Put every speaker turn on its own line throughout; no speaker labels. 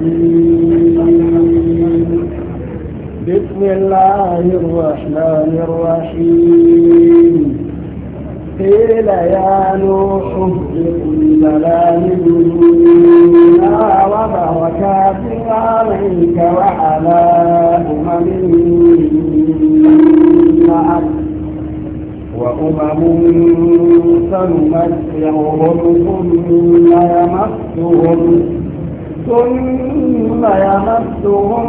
الرجيم بسم الله الرحمن الرحيم قيل يا نوح اهبط بسلام منا وبركات عليك وعلى أمم معك وأمم سنمتعهم ثم يمسهم ثم يمسهم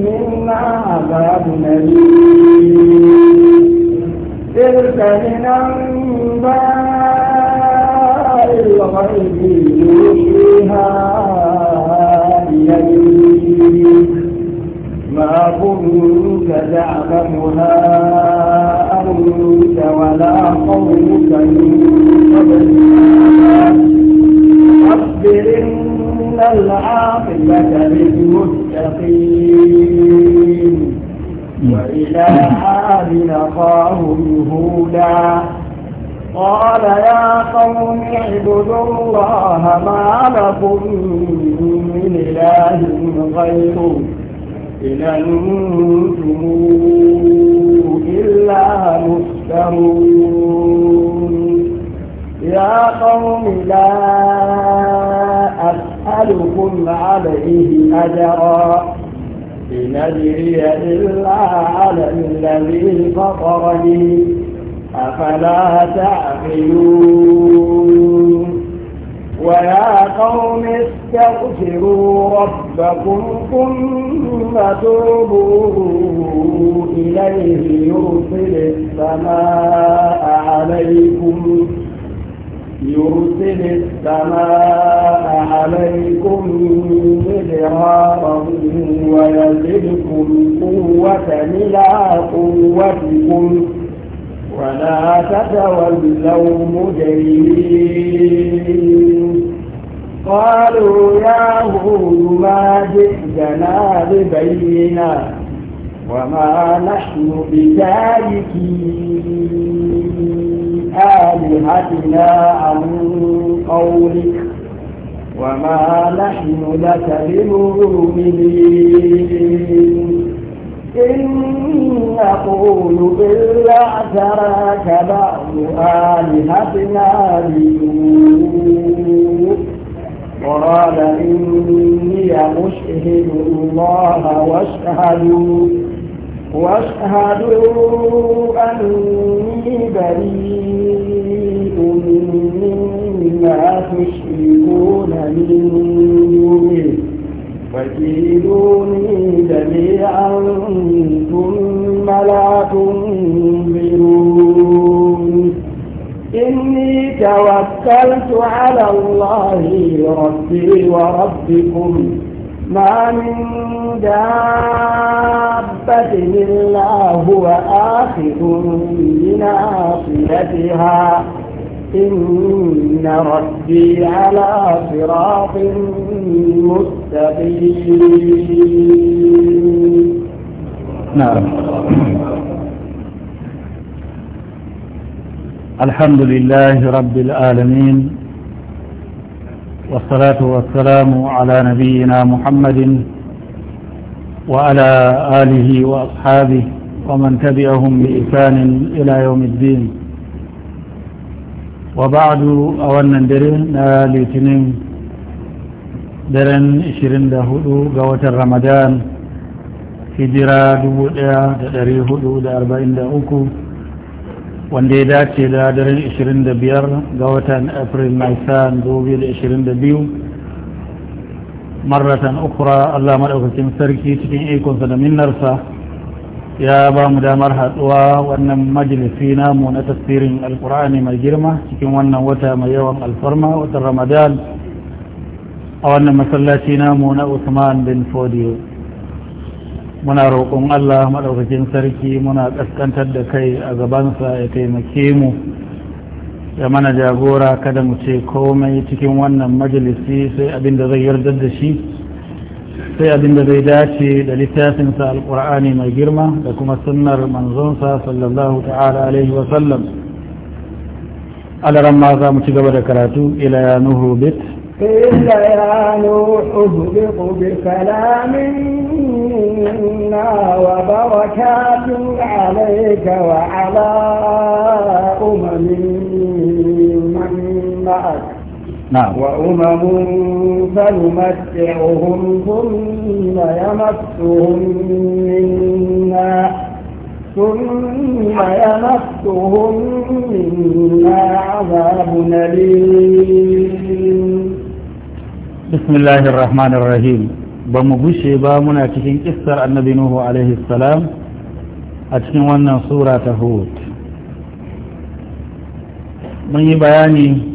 منا عذاب أليم تلك من أنباء الغيب يوحيها إليك ما كنت تعلمها أنت ولا قومك من قبل فاصبر العاقبة للمتقين وإلى عاد أخاهم هودا قال يا قوم اعبدوا الله ما لكم من إله غيره إن أنتم إلا مفترون يا قوم لا أسألكم عليه أجرا إن أجري إلا على الذي فطرني أفلا تعقلون ويا قوم استغفروا ربكم ثم توبوا إليه يرسل السماء عليكم يرسل السماء عليكم مدرارا ويزدكم قوة إلى قوتكم ولا تتولوا مجرمين قالوا يا هود ما جئتنا ببينا وما نحن بتاركين آلهتنا عن قولك وما نحن لك بمؤمنين إن نقول إلا اعتراك بعض آلهتنا بسوء قال إني أشهد الله واشهدوا واشهدوا أني بريء مما تشركون من دونه فكيدوني جميعا ثم لا تنظرون إني توكلت على الله ربي وربكم ما من دابة إلا هو آخذ بناصيتها إن ربي على صراط مستقيم
نعم
الحمد لله رب العالمين والصلاة والسلام على نبينا محمد وعلى آله وأصحابه ومن تبعهم بإحسان إلى يوم الدين وبعد أولا درين لتنين درين إشرين دهدو قوة رمضان هجرة دبوء دريه دبوء أربعين دهوكو wanda ya dace da daren 25 ga watan april da 2022 marratan ukura allah maɗaukakin sarki cikin ikonsa da minnarsa ya ba mu damar haɗuwa wannan majalisi namu na tasirin alkur'ani mai girma cikin wannan wata mai yawan alfarma watan ramadan a wannan masallaci namu na usman bin fodiyo muna roƙon Allah maɗaukakin sarki muna ƙaskantar da kai a gabansa ya taimake mu ya mana jagora kada mu ce komai cikin wannan majalisi sai abin da zai yarda da shi sai abin da zai dace da littafinsa alƙur'ani mai girma da kuma sunnar manzonsa sallallahu ta'ala alaihi wa sallam alaran ma za mu ci gaba da karatu ila ya nuhu bit
قيل يا نوح اهبط بسلام منا وبركات عليك وعلى أمم من معك نعم وأمم فنمتعهم ثم يمسهم منا ثم يمسهم منا عذاب أليم
bismillahir rahmanir rahim ba mu gushe ba muna cikin kissar annabi nuhu alaihi salam a cikin wannan sura ta hud mun yi bayani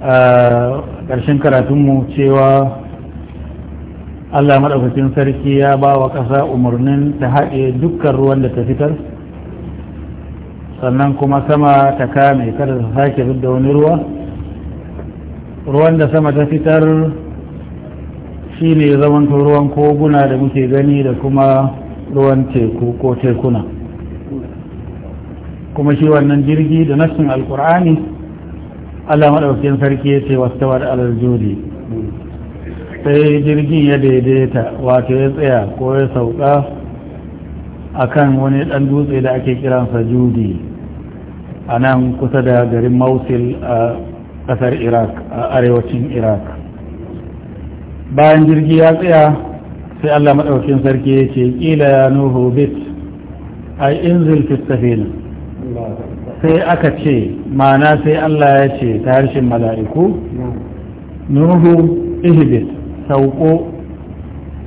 a ƙarshen karatunmu cewa allah maɗaukacin sarki ya bawa ƙasa umarnin ta haɗe dukkan ruwan da ta fitar sannan kuma sama ta kame kada ta sake da wani ruwa ruwan da sama ta fitar shi ne zaman ruwan koguna da muke gani da kuma ruwan teku ko tekuna kuma shi wannan jirgi da nassin alkur'ani allah maɗaukin sarki ya ce wasu tawar alarjuri sai jirgin ya daidaita wato ya tsaya ko ya sauka a kan wani ɗan dutse da ake kiransa judi a nan kusa da garin mausil a Ƙasar iraq a arewacin iraq bayan jirgi ya tsaya sai allah maɗaukin sarki ya ce ƙila ya nuhu bit A inzil fistafin sai aka ce mana sai allah ya ce ta harshen mala'iku nuhu ihibit sauko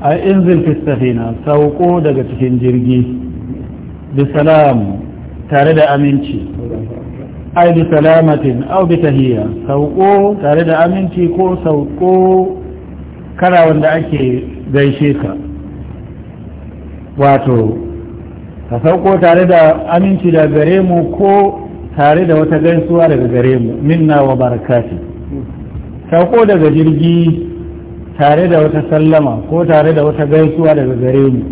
A inzil fistafina sauko daga cikin jirgi bisalam tare da aminci ai bi salamatin au bi tahiyya sauko tare da aminci ko sauko kada wanda ake gaishe ka wato ka sauko tare da aminci da gare mu ko tare da wata gaisuwa daga gare mu minna wa barakati sauko daga jirgi tare da wata sallama ko tare da wata gaisuwa daga gare mu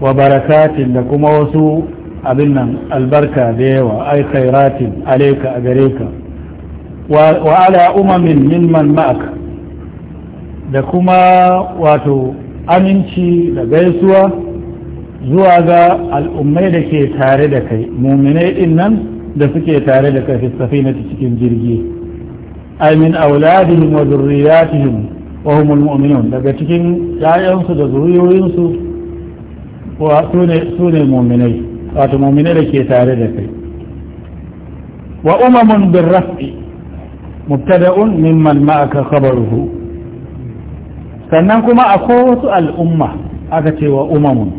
wa barakatin da kuma wasu abin nan albarka da yawa ai khairatin alaika a gare ka wa ala umamin man ma'aka da kuma wato aminci da gaisuwa zuwa ga al'ummai da ke tare da kai muminai din nan da suke tare da kai fi cikin jirgi ai min auladihim wa zurriyatihim wa humul mu'minun daga cikin 'ya'yansu da zuriyoyinsu wa sune muminai wato mu'mine da ke tare da kai wa umamun bin rafi mubtada'un mimman ma'aka khabaruhu sannan kuma akwai wasu al'umma aka ce wa umamun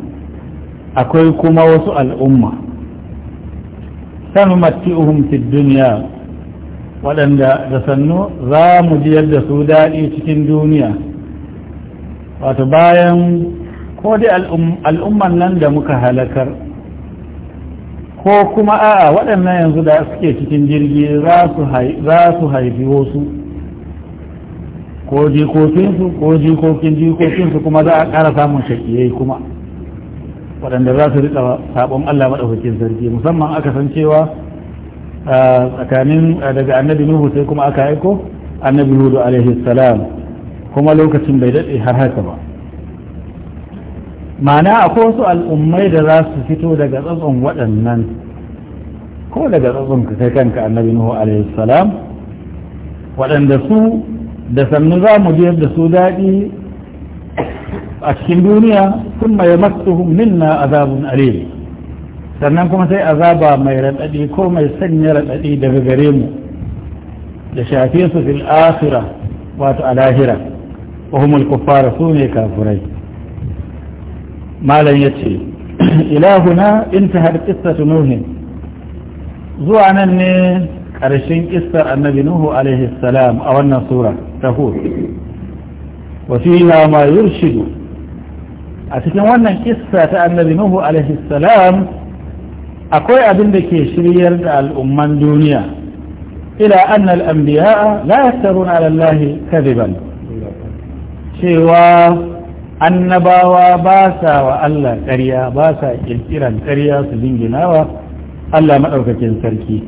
akwai kuma wasu al'umma sanumatti'uhum fid duniya waɗanda da sannu za mu da su daɗi cikin duniya wato bayan ko dai al'umman nan da muka halakar ko kuma a'a waɗannan yanzu da suke cikin jirgi za su haifi wasu ko jikokinsu ko jikokin jikokinsu kuma za a ƙara samun shakiyai kuma waɗanda za su riƙa saɓon Allah maɗaukakin sarki musamman aka san cewa tsakanin daga annabi nuhu sai kuma aka aiko annabi hudu alaihi salam kuma lokacin bai daɗe har haka ba mana akwai wasu al'ummai da za su fito daga tsatson waɗannan ko daga tsatson ka kai kanka annabi nuhu alaihi salam waɗanda su da sannu za mu biyar da su daɗi a cikin duniya sun mai matsuhun minna azabun alim sannan kuma sai azaba mai raɗaɗi ko mai sanya raɗaɗi daga gare mu da shafe su fil akhira wato a lahira wa humul kuffara su ne kafurai malam ya ce ilahuna har qissatu nuhin zuwa nan ne ƙarshen ƙistar annabi nuhu salam a wannan sura ta hud wa fiha ma yurshidu a cikin wannan ƙista ta annabi nuhu salam akwai abin da ke shiryar da al'umman duniya ila annal anbiya'a la yaftaruna ala allahi kadiban cewa annabawa ba sa wa Allah ƙarya ba sa ƙirƙiran ƙarya su jinginawa Allah maɗaukakin sarki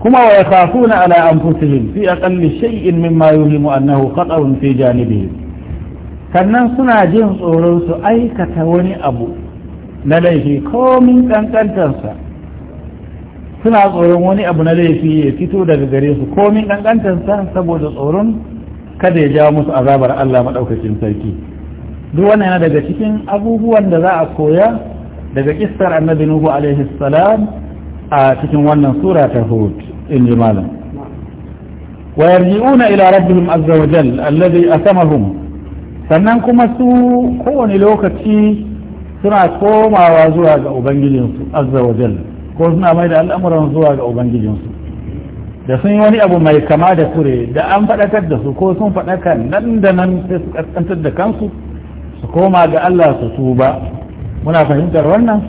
kuma wa na ala anfusihim fi aqalli shay'in mimma yuhimu annahu khata'un fi janibihim sannan suna jin tsoron su aikata wani abu na laifi komin kankantarsa suna tsoron wani abu na laifi ya fito daga gare su komin kankantarsa saboda tsoron kada ya jawo musu azabar Allah maɗaukacin sarki duk wannan yana daga cikin abubuwan da za a koya daga kistar annabi nuhu alaihi salam a cikin wannan sura ta hud in ji malam wa yarji'una ila rabbihim azza wa jal alladhi asamahum sannan kuma su kowane lokaci suna komawa zuwa ga ubangijinsu azza wa jal ko suna mai da al'amuran zuwa ga ubangijinsu da sun yi wani abu mai kama da kure da an faɗakar da su ko sun faɗaka nan da nan sai su ƙasƙantar da kansu su koma ga Allah su tuba muna fahimtar wannan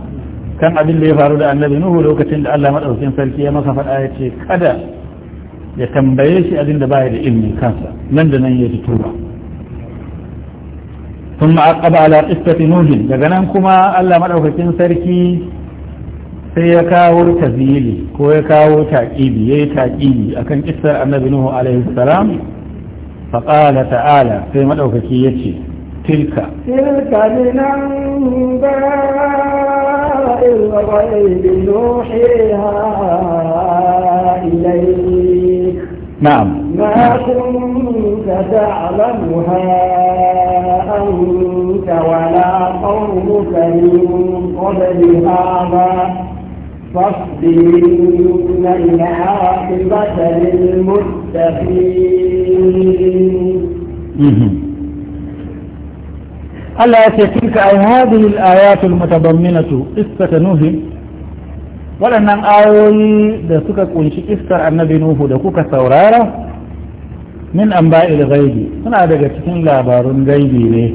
kan abin da ya faru da annabi nuhu lokacin da Allah madaukakin sarki ya masa faɗa ya ce kada ya tambaye shi abin da baya da ilmi kansa nan da nan ya ji tuba sun ma'aqaba ala qissati daga nan kuma Allah maɗaukakin sarki sai ya kawo tazili ko ya kawo taƙibi yayi yi taƙibi a kan ƙisar annabi nuhu alaihi salam faƙala ta'ala sai maɗaukaki ya ce tilka
tilka ne nan ba ilwa ba nuhi ha ilai na'am ma kunta ta'lamu ha anta wala qawmuka min qabli hadha فاصبر إن
Allah ya ce tilka ay hadhihi al-ayatul mutadamminatu qissata nuh waɗannan ayoyi da suka kunshi iskar annabi nuhu da kuka saurara min amba'il ghaibi suna daga cikin labarun gaibi ne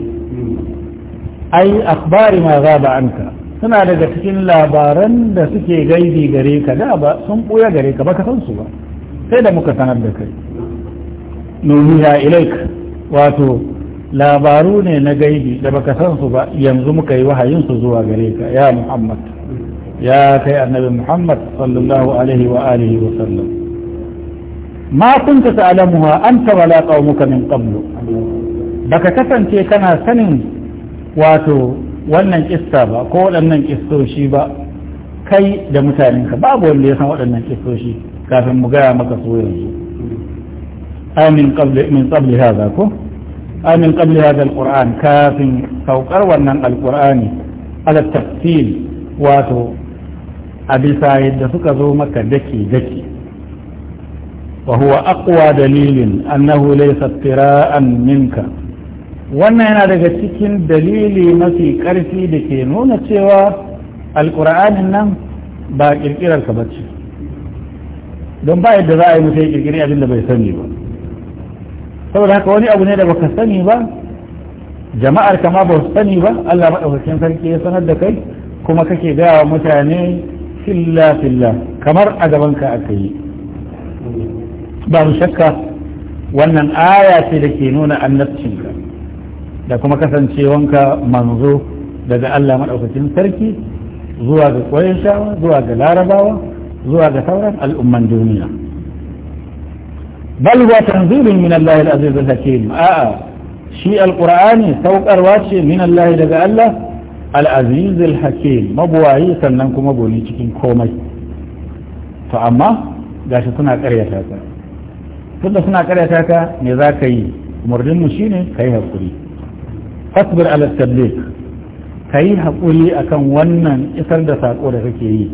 ai akhbari ma ghaba anka suna daga cikin labaran da suke gaibi gare ka da ba sun ɓuya gare ka baka san su ba sai da muka sanar da kai nuhiya ilaik wato labaru ne na gaibi da baka san su ba yanzu muka yi wahayin su zuwa gare ka ya muhammad ya kai annabi muhammad sallallahu alaihi wa alihi wa sallam ma kunta ta'lamuha anta wala qaumuka min qablu baka kasance kana sanin wato wannan kista ba ko waɗannan kistoshi ba kai da mutanenka babu wanda ya san waɗannan kistoshi kafin mu gaya maka su yanzu amin qabli min qabli hadha ko amin qabli hadha alquran kafin saukar wannan alqurani ala tafsil wato abisa yadda suka zo maka daki daki huwa aqwa dalilin annahu laysa tira'an minka wannan yana daga cikin dalili mafi ƙarfi da ke nuna cewa alƙur'ani nan ba ƙirƙirar ka bace don ba yadda za a yi mutu ya ƙirƙiri abin da bai sani ba saboda haka wani abu ne da baka sani ba jama'ar kama ba su sani ba Allah maɗaukakin sarki ya sanar da kai kuma kake gaya wa mutane filla filla kamar a gabanka aka yi ba mu shakka wannan aya ce da ke nuna annabcinka da kuma kasancewanka manzo daga Allah maɗaukakin sarki zuwa ga ƙwayashawa zuwa ga larabawa zuwa ga sauran al'umman duniya bal wa tanzilun min Allah al-aziz al-hakim a'a shi alqur'ani saukarwa ce min Allah daga Allah al-aziz al-hakim mabuwayi sannan kuma goni cikin komai to amma gashi suna karyata ka tunda suna karyata ka me za ka yi murdin mu shine kai hakuri fasbir ala yi haƙuri a kan wannan isar da saƙo da kake yi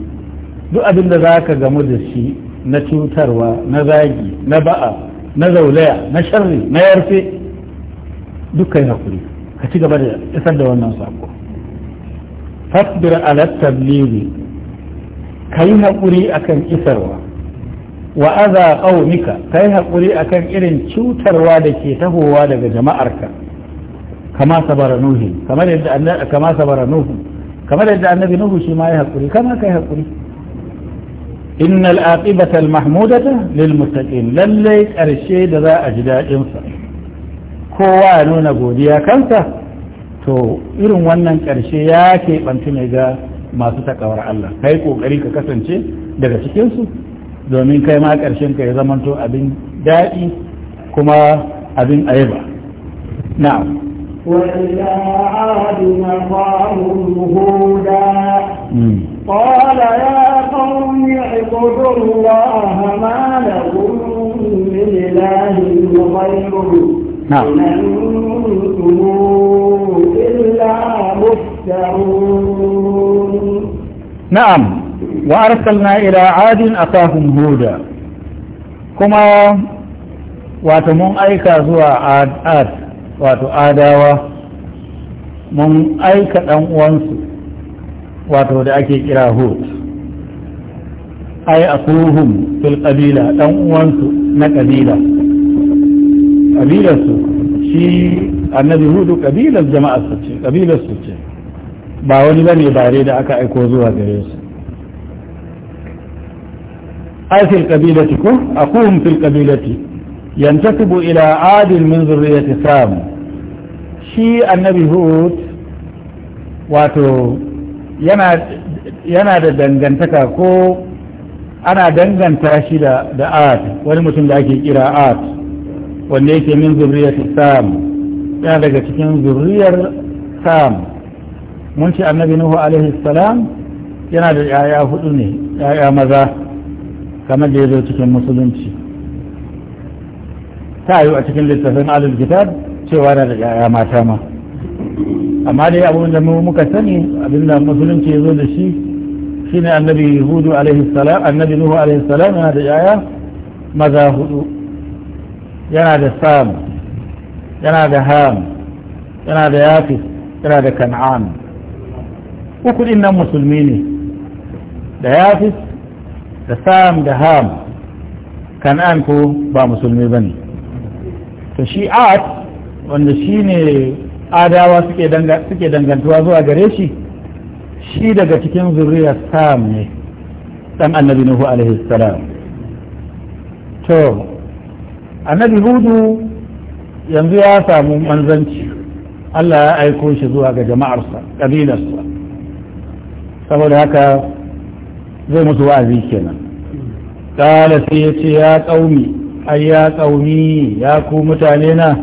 duk abin da ka gamu da shi na cutarwa na zagi na ba'a na zaulaya na sharri na yarfe duk kai haƙuri ka ci gaba da isar da wannan saƙo. fasbir ala yi haƙuri a kan isarwa wa aza yi haƙuri a kan irin cutarwa da ke tahowa daga jama'arka kama sabara nuhi kamar yadda annabi kama nuhu kamar yadda annabi nuhu shi ma ya hakuri kama kai hakuri innal aqibata mahmudata lil muttaqin lalle da za a ji daɗinsa. kowa ya nuna godiya kansa to irin wannan ƙarshe ya ke bantu ne ga masu taƙawar Allah kai kokari ka kasance daga cikinsu, domin kai ma karshen ka ya zamanto abin daɗi kuma abin ayaba na'am
وإلى عاد أخاهم هودا قال يا قوم اعبدوا الله ما لكم من إله غيره نعم إن أنتم إلا مفترون
نعم وأرسلنا إلى عاد أخاهم هودا كما واتمون أيكا زوا عاد آد wato adawa mun aika ɗan uwansu wato da ake kira hud ai a kuhun fil ƙabila ɗan uwansu na ƙabila ƙabilarsu shi annabi hudu ƙabilar jama'ar su ce ƙabilar su ce ba wani bane bare da aka aiko zuwa gare su ai fil ƙabilati ko a kuhun fil ƙabilati ينتسب إلى عاد من ذرية سام شي النبي هود واتو yana da dangantaka ko ana danganta shi da da wani mutum da ake kira art wanda yake min zurriyar sam yana daga cikin zurriyar sam mun ce annabi nuhu alaihi salam yana da yaya ne yaya maza kamar da ya zo cikin musulunci ta yi a cikin littafin alul kitab cewa na da yaya mata ma amma dai abin da mu muka sani abin da musulunci ya zo da shi shine annabi hudu alaihi salam annabi nuhu alaihi salam yana da yaya maza hudu yana da sam yana da ham yana da yafis yana da kan'an uku din nan musulmi ne da yafis da sam da ham kan'an ko ba musulmi bane to shi'at wanda shi ne adawa suke dangantuwa zuwa gare shi shi daga cikin zuriyar sam ne dan annabi nuhu alaihi salam to annabi hudu yanzu ya samu manzanci Allah ya aiko shi zuwa ga jama'arsa ƙabilarsa saboda haka zai mutu wa'azi kenan ya ce ya ƙaumi ayya qaumi ya ku mutane na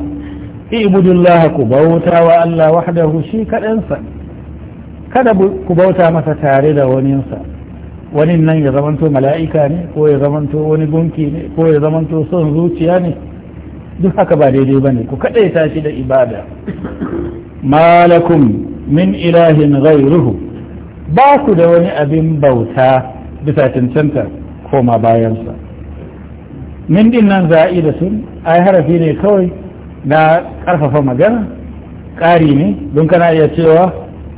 ibudullah ku bauta wa Allah wahdahu shi kadansa kada ku bauta masa tare da waninsa wani nan ya zamanto mala'ika ne ko ya zamanto wani gunki ne ko ya zamanto son zuciya ne duk haka ba daidai bane ne ku kaɗaita shi da ibada malakum min ilahin ghayruhu ba ku da wani abin bauta bisa cancanta koma bayansa min din nan za'i da sun ai harafi ne kawai na ƙarfafa magana ƙari ne don kana iya cewa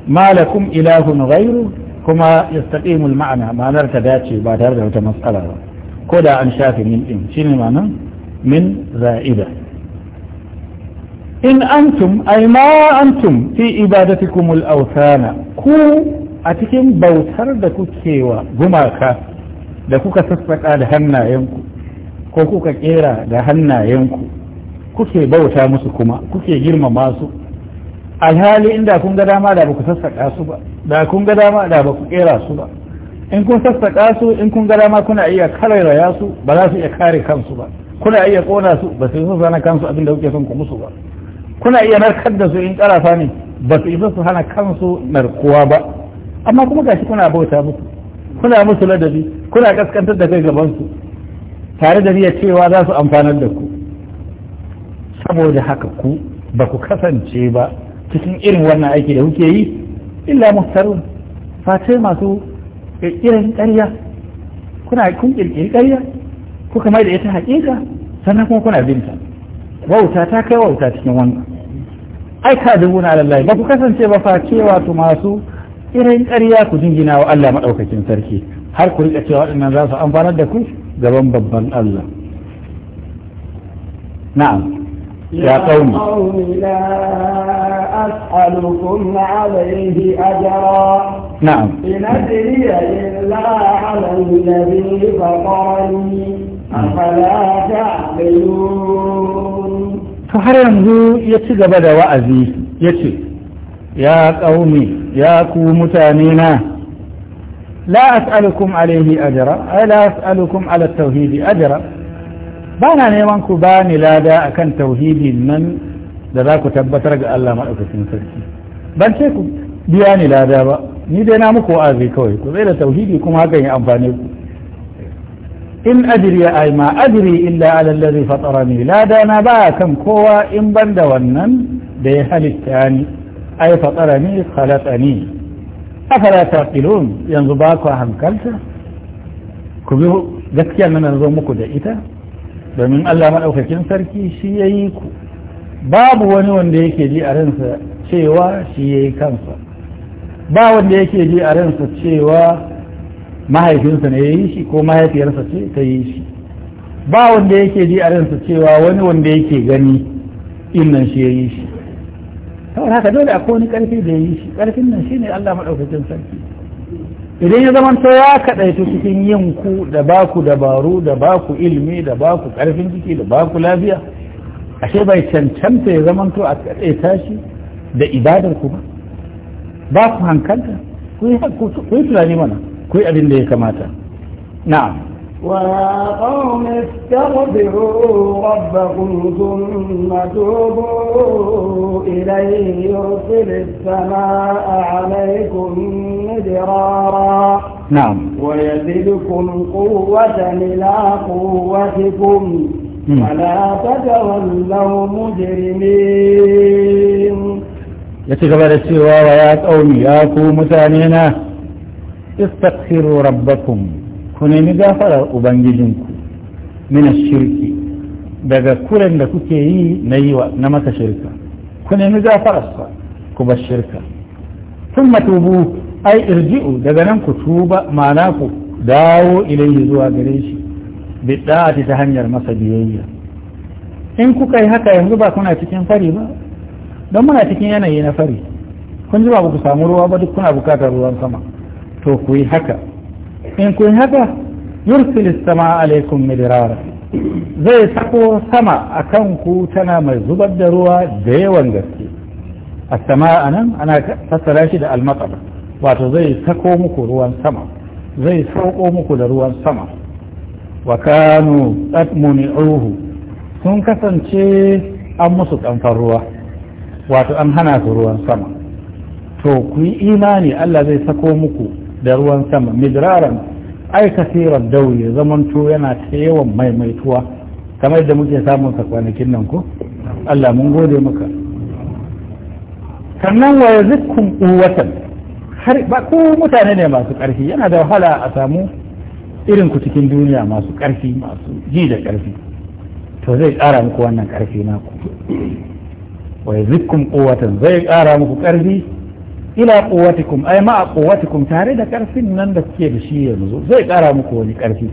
malakum ilahun ghairu kuma yastaqimul ma'ana ma'anar ta dace ba tare da wata matsala ba ko da an shafe min din shine ma'anar min za'ida in antum ay ma antum fi ibadatikumul awthana ku a cikin bautar da kuke wa gumaka da kuka sassaƙa da hannayenku ko kuka kera da hannayenku kuke bauta musu kuma kuke girmama su alhali inda kun ga dama da baku sassaƙa su ba da kun ga dama da baku kera su ba in kun sassaƙa su in kun ga dama kuna iya karairaya su ba za su iya kare kansu ba kuna iya kona su ba su yi hana kansu abin da kuke son ku musu ba kuna iya narkar da su in karafa ne ba su isa su hana kansu narkuwa ba amma kuma gashi kuna bauta musu kuna musu ladabi kuna kaskantar da kai gaban su tare da niyyar cewa za su amfanar da ku saboda haka ku ba ku kasance ba cikin irin wannan aiki da kuke yi illa muhtarun face masu ƙirƙirar ƙarya kuna kun ƙirƙiri ƙarya kuka mai da ita haƙiƙa sannan kuma kuna binta wauta ta kai wauta cikin wannan ai ka dubu na lallai ba ku kasance ba face wato masu irin ƙarya ku jingina wa Allah maɗaukakin sarki har ku riƙa cewa waɗannan za su amfanar da ku gaban babban Allah na'am ya قوم
لا أسألكم عليه أجرا نعم إن أدري إلا على الذي فطرني أفلا تعقلون
فهر ينزو يتقبل وأزي يتي يا قومي يا كو متانينا la as'alukum alaihi ajra ay la as'alukum ala tauhidi ajra bana neman ku bani lada akan tauhidi nan da za ku tabbatar ga Allah madaukakin sarki ban ce ku biya ni lada ba ni dai na muku wa'azi kawai ku zai da tauhidi kuma hakan ya amfane ku in ajri ay ma illa ala alladhi fatarani lada na ba kan kowa in banda wannan da ya halitta ni ay fatarani afala taqilun yanzu ba ku hankalta ku bi gaskiya nan zo muku da ita domin Allah madaukakin sarki shi ya yi ku babu wani wanda yake ji a ransa cewa shi ya yi kansa ba wanda yake ji a ransa cewa mahaifinsa ne ya yi shi ko mahaifiyarsa ce ta yi shi ba wanda yake ji a ransa cewa wani wanda yake gani innan shi ya yi shi saboda haka dole a wani ƙarfi da ya yi shi ƙarfin nan shine Allah maɗaukacin sarki idan ya zama to ya kaɗaitu cikin yin ku da ku dabaru da ba ku ilimi da ba ku ƙarfin jiki da ba ku lafiya ashe bai cancanta ya zama to a kaɗaita shi da ibadar ku ba ba ku hankalta ku yi tunani mana ku yi abin da ya kamata na'am
ويا قوم استغفروا ربكم ثم توبوا إليه يرسل السماء عليكم مدرارا نعم ويزدكم قوة إلى قوتكم ولا تتولوا مجرمين
يتقبل السواء ويا قوم يا قوم استغفروا ربكم ku nemi gafarar ubangijinku mina shirki daga kuren da kuke yi na yi wa na maka shirka ku nemi gafararsa ku bar shirka Tun matubu ai irji'u daga nan ku tuba ma'ana ku dawo ilayhi zuwa gare shi bidda'ati ta hanyar masa biyayya in kuka yi haka yanzu ba kuna cikin fari ba don muna cikin yanayi na fari kun ji ba ku samu ruwa ba duk kuna bukatar ruwan sama to ku yi haka in kun haka yursil sama alaikum midrara zai sako sama a kan ku tana mai zubar da ruwa da yawan gaske a sama a nan ana fassara shi da almatsar wato zai sako muku ruwan sama zai sauko muku da ruwan sama wa kanu ruhu sun kasance an musu kamfan ruwa wato an hana su ruwan sama to ku yi imani Allah zai sako muku da ruwan sama midraran ai kasiran dauye zamanto yana ta yawan maimaituwa kamar da muke samun sa kwanakin nan ko Allah mun gode maka sannan wa yazikkum quwwatan har ba ku mutane ne masu ƙarfi yana da wahala a samu irin ku cikin duniya masu ƙarfi masu ji da ƙarfi to zai ƙara muku wannan ƙarfi naku wa yazikkum quwwatan zai ƙara muku ƙarfi ila quwwatikum ai ma quwwatikum tare da karfin nan da kuke da shi yanzu zai kara muku wani karfi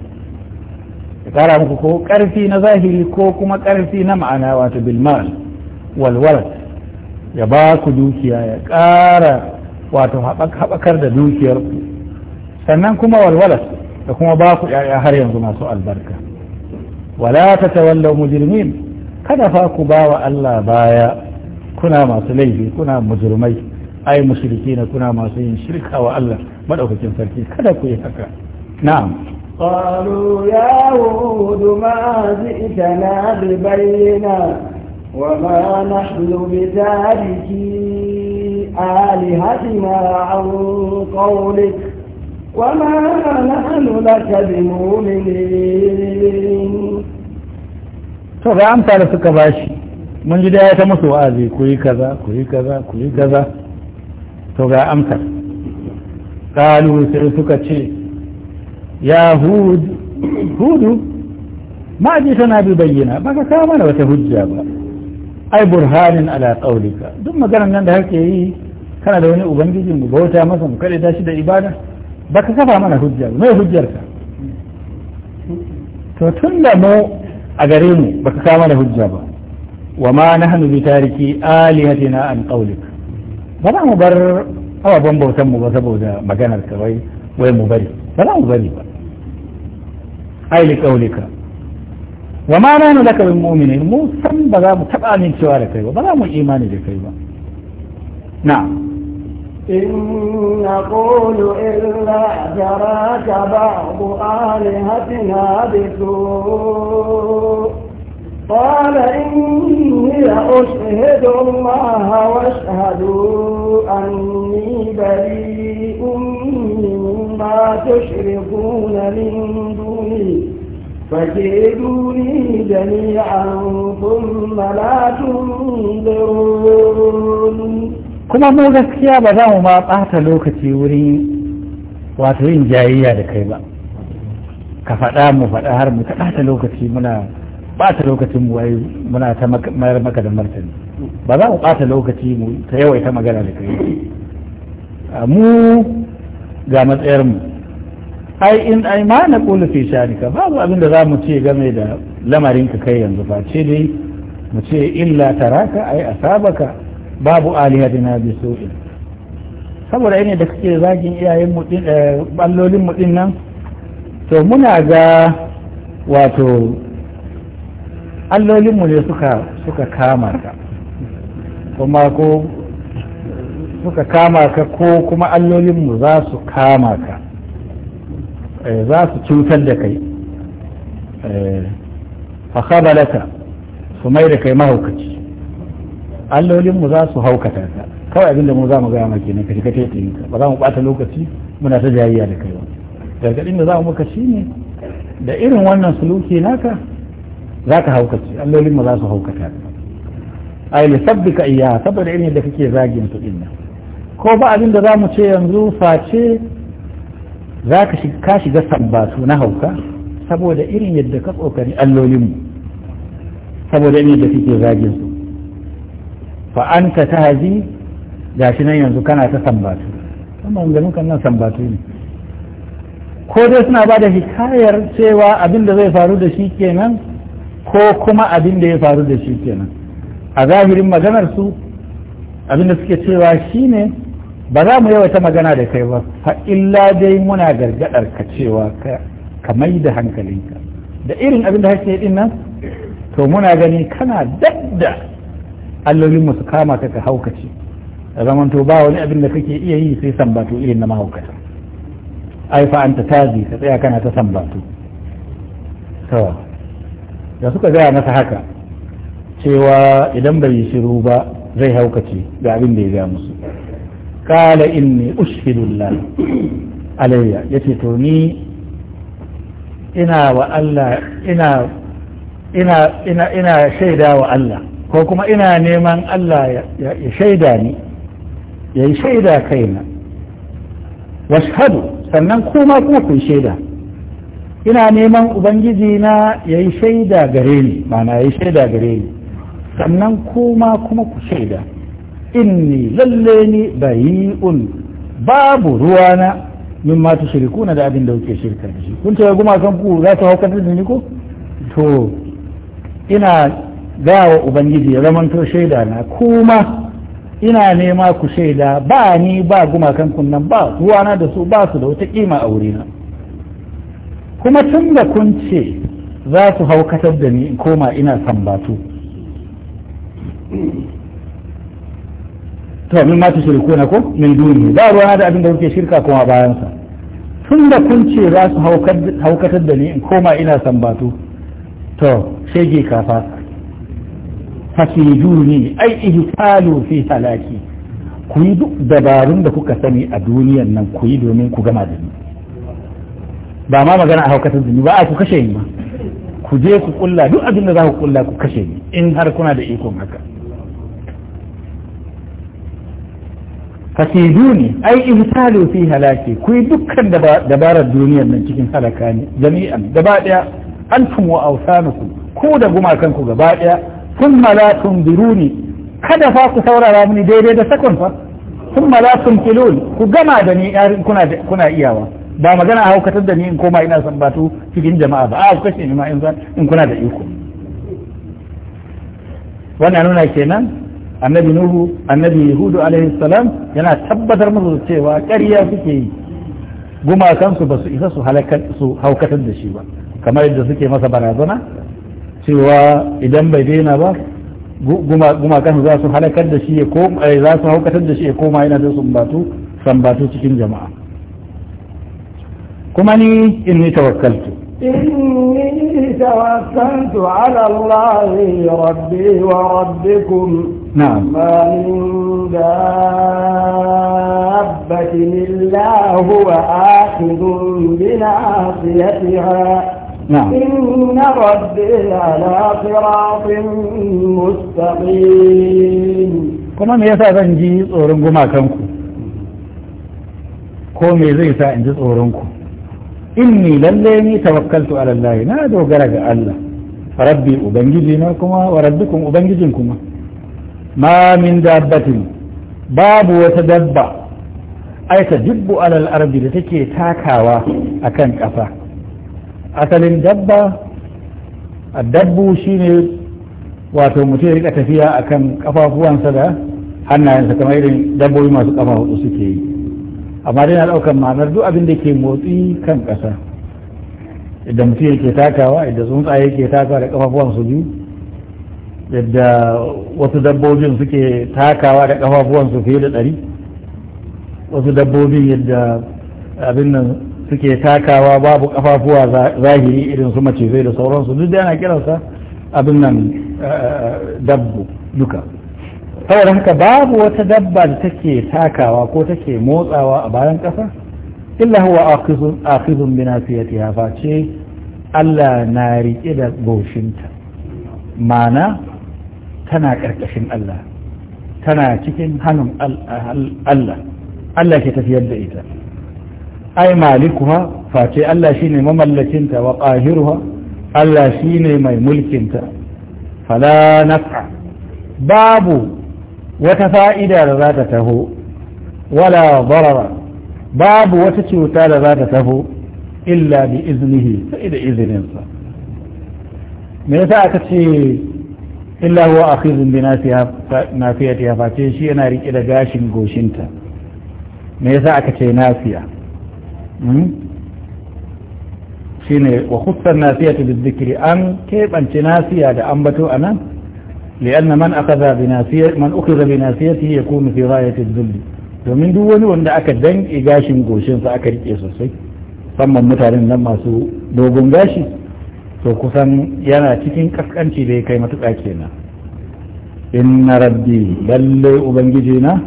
ya kara muku ko karfi na zahiri ko kuma karfi na ma'ana wato bil mal wal ya ba ku dukiya ya kara wato haɓakar da dukiyar ku sannan kuma walwalas da kuma ba ku ƴaƴa har yanzu masu albarka wala tatawallaw mujrimin kada fa ku ba wa Allah baya kuna masu laifi kuna mujrimai ai mushriki na kuna masu yin shirka wa Allah madaukakin sarki kada ku yi haka na'am ya
قالوا يا هود ما جئتنا ببينا وما نحن بتاركي an عن قولك وما نحن لك بمؤمنين
to ga amsa suka bashi mun ji da ya ta musu wa'azi ku yi kaza ku yi kaza ku yi kaza to ga amsar kalu sai suka ce ya hud hudu ma ji tana bi bayyana ba ka kawo mana wata hujja ba ai burhanin ala qaulika duk maganar nan da kake yi kana da wani ubangiji mu bauta masa mu kare tashi da ibada ba ka kafa mana hujja ba, mai hujjarka to tun da mu a gare mu ba ka kawo mana hujja ba wa ma nahnu bi tariki alihatina an qaulika ba za mu bar ababen bautan mu ba saboda maganar ka wai wai mu bari ba za mu bari ba ai li qaulika wa ma nanu laka bil mu'minin mu san ba za mu taba cewa da kai ba ba za mu imani da kai ba na'am
إن نقول إلا جراك بعض آلهتنا بسوء قال إني أشهد الله واشهدوا أني بريء مما تشركون da دونه فكيدوني جميعا ثم لا تنظرون
kuma mu gaskiya ba za mu ma ɓata lokaci wuri wato yin jayayya da kai ba ka faɗa mu faɗa har mu ta ɓata lokaci muna ba ta lokacin mu wai muna ta mayar maka da martani ba za mu ɓata lokaci mu ta yawaita magana da kai mu ga matsayar mu ai in ai ma na kulu fi ka babu abin da za mu ce game da lamarin ka kai yanzu ba ce dai mu ce illa taraka ai asabaka babu alihatina bi su'in saboda ne da kake zagin iyayen mu din eh, ballolin nan to muna ga wato allolinmu ne suka kama ka kuma ko suka kama ka ko kuma allolinmu za su kama ka eh, za su cutar da kai eh, fakhabalaka su mai da kai mahaukaci allolinmu za su haukata ka kawai abinda mu za mu gaya maki ne ka shiga ka ba za mu bata lokaci muna ta jayayya da kai ba gargaɗin da za mu muka shi ne da irin wannan suluki naka za ka haukace allolin mu za su haukata yi li sabbika iya saboda irin da kake zagin su din ko ba abin da zamu ce yanzu face za ka ka shiga sabbatu na hauka saboda irin yadda ka tsokani allolin mu saboda irin yadda kake zagin su fa anta ga shi nan yanzu kana ta sambatu amma ganin kan nan sambatu ne ko dai suna ba da hikayar cewa abin da zai faru da shi kenan ko kuma abin da ya faru da shi kenan a zahirin maganar su abin da suke cewa ne, ba za mu yawaita magana da kai ba fa illa dai muna gargadar ka cewa ka mai da hankalinka da irin abin da kake din nan to muna gani kana dadda allolin mu su kama ka ka haukace da zaman to ba wani abin da kake iya yi sai sambato irin na mahaukata ai fa anta tazi ka tsaya kana ta sambato to da suka gaya masa haka cewa idan bai yi shiru ba zai haukace ga abin da ya gaya musu kala inni ushhidullah alayya yace to ni ina wa Allah ina ina ina ina shaida wa Allah ko kuma ina neman Allah ya shaida ni ya yi shaida kaina washhadu sannan kuma kuma kun shaida ina neman ubangiji na ya yi shaida gare ni mana ya yi shaida gare ni sannan kuma kuma ku shaida inni lalle ni bayi'un babu ruwana min ma na da abin da kuke shirka da shi kun ce kan ku za su haukatar da ni ko to ina gawa ubangiji ya to shaida na kuma ina nema ku shaida ba ni ba gumakan kun nan ba ruwana da su ba su da wata kima a wurina kuma tun da kun ce za su haukatar da ni in koma ina sambatu to min ma ko na ko min duni ba ruwa da abin da kuke shirka kuma bayan sa tun da kun ce za su haukatar da ni in koma ina sambatu to shege kafa fasijuni ai talu fi halaki ku yi dabarun da kuka sani a duniyan nan ku yi domin ku gama da ni ba ma magana a haukatar jini ba a ku kashe ni ma ku je ku kulla duk abin da za ku kulla ku kashe ni in har kuna da ikon haka fasiduni ai ihtalu fi halaki ku yi dukkan dabarar duniyar nan cikin halaka ne jami'an gaba daya antum wa awsanukum ku da gumakan ku gaba daya thumma la biruni. kada fa ku saurara mini daidai da sakon fa thumma la filoni. ku gama da ni kuna kuna iyawa ba magana a haukatar da ni in koma ina sambatu cikin jama'a ba a kashe ni ma in kuna da iko wannan nuna kenan annabi nuhu annabi yahudu alaihi salam yana tabbatar musu cewa ƙarya suke yi gumakansu ba su isa su halakar su haukatar da shi ba kamar yadda suke masa barazana cewa idan bai daina ba gumakansu za su halakar da shi ya koma eh, za su haukatar da shi ya koma yana da sumbatu sambatu cikin jama'a kuma ni ni tawakkaltu
inni tawakkaltu ala Allah rabbi wa rabbikum نعم ما من دابة إلا هو آخذ بناصيتها نعم إن ربي على صراط مستقيم
kuma me yasa zan ji tsoron gumakanku ko me zai sa in ji ku? inni lalle ni tawakkaltu ala Allah na dogara ga Allah rabbi ubangiji na kuma wa rabbikum ubangijin kuma ma min dabbatin babu wata dabba ai ta jibbu alal ardi da take takawa akan kafa asalin dabba dabbu shine wato mutum ya rika tafiya akan kafafuwansa da hannayensa kamar irin dabbobi masu kafa hudu suke yi amma dai na ɗaukar ma'anar duk abin da ke motsi kan ƙasa yadda mutum yake takawa yadda tsuntsaye yake takawa da kafafuwan su biyu yadda wasu dabbobin suke takawa da kafafuwan su fiye da ɗari wasu dabbobin yadda abin nan suke takawa babu kafafuwa zahiri irin su macizai da sauransu duk da yana kiransa abin nan eh, eh, dabbo duka saboda haka babu wata dabba da take takawa ko take motsawa a bayan ƙasa illa huwa akhizun bi nasiyatiha fa ce Allah na riƙe da goshinta mana tana ƙarƙashin Allah tana cikin hannun Allah Allah ke tafiyar da ita ai malikuha face Allah shi ne mamallakinta wa qahiruha Allah shi ne mai mulkinta fala naf'a babu wata fa'ida da za ta taho wala barara babu wata cuta da za ta taho illa bi iznihi sai da izininsa me yasa aka ce illa huwa akhizun bi nafiyati ya face shi yana rike da gashin goshinta me yasa aka ce nafiya hmm? shine wa khussan nafiyatu bizikri an keɓance nafiya da ambato anan لأن من أخذ بناسية من أخذ بناسيته يكون في غاية الذل domin duk wani wanda aka danƙe gashin goshinsa aka rike sosai musamman mutanen nan masu dogon gashi to kusan yana cikin kaskanci da ya kai matuƙa kenan inna rabbi lalle ubangiji na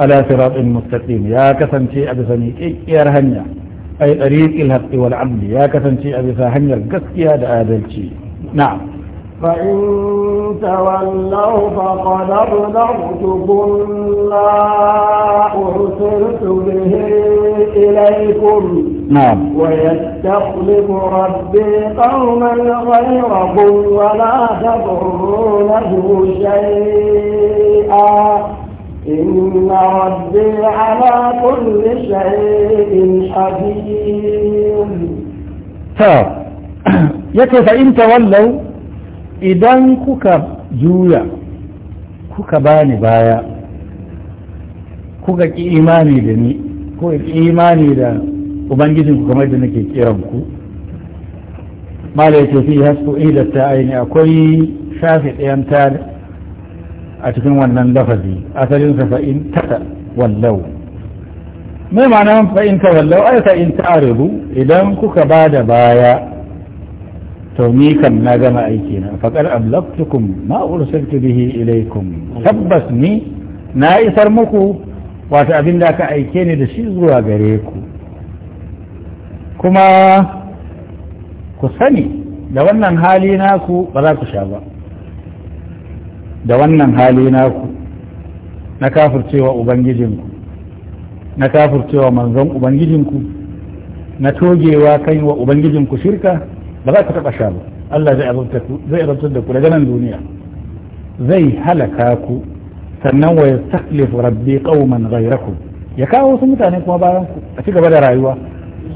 ala siratin mustaqim ya kasance a bisa miƙaƙƙiyar hanya ai tsariƙil haqqi wal ya kasance a bisa hanyar gaskiya da adalci na'am
فإن تولوا فقد أبلغتكم ما أرسلت به إليكم نعم ويستخلف ربي قوما غيركم ولا تضرونه شيئا إن ربي على كل شيء حفيظ
يكفى طيب. إن تولوا idan kuka juya kuka bani baya kuka ki imani da ni ko imani da ku kamar da nake kiran ku malai ce fi hasko ida ta aini akwai shafi ɗayan tar a cikin wannan lafazi asalin sa fa'in tata wallau mai ma'ana fa'in ta wallau ai fa'in ta idan kuka ba da baya to ni kan na gama aiki na faqad ablaqtukum ma ursiltu bihi ilaykum tabbas ni na isar muku wato abin da aka aike ni da shi zuwa gare ku kuma ku sani da wannan hali naku ba za ku sha ba da wannan hali naku na kafircewa ubangijinku na kafircewa manzon ubangijinku na togewa kai wa ubangijinku shirka ba za ka taɓa sha ba Allah zai azabtar da ku daga nan duniya zai halaka ku sannan wa yastaklif rabbi qauman ghayrakum ya kawo wasu mutane kuma bayan ku a ci gaba da rayuwa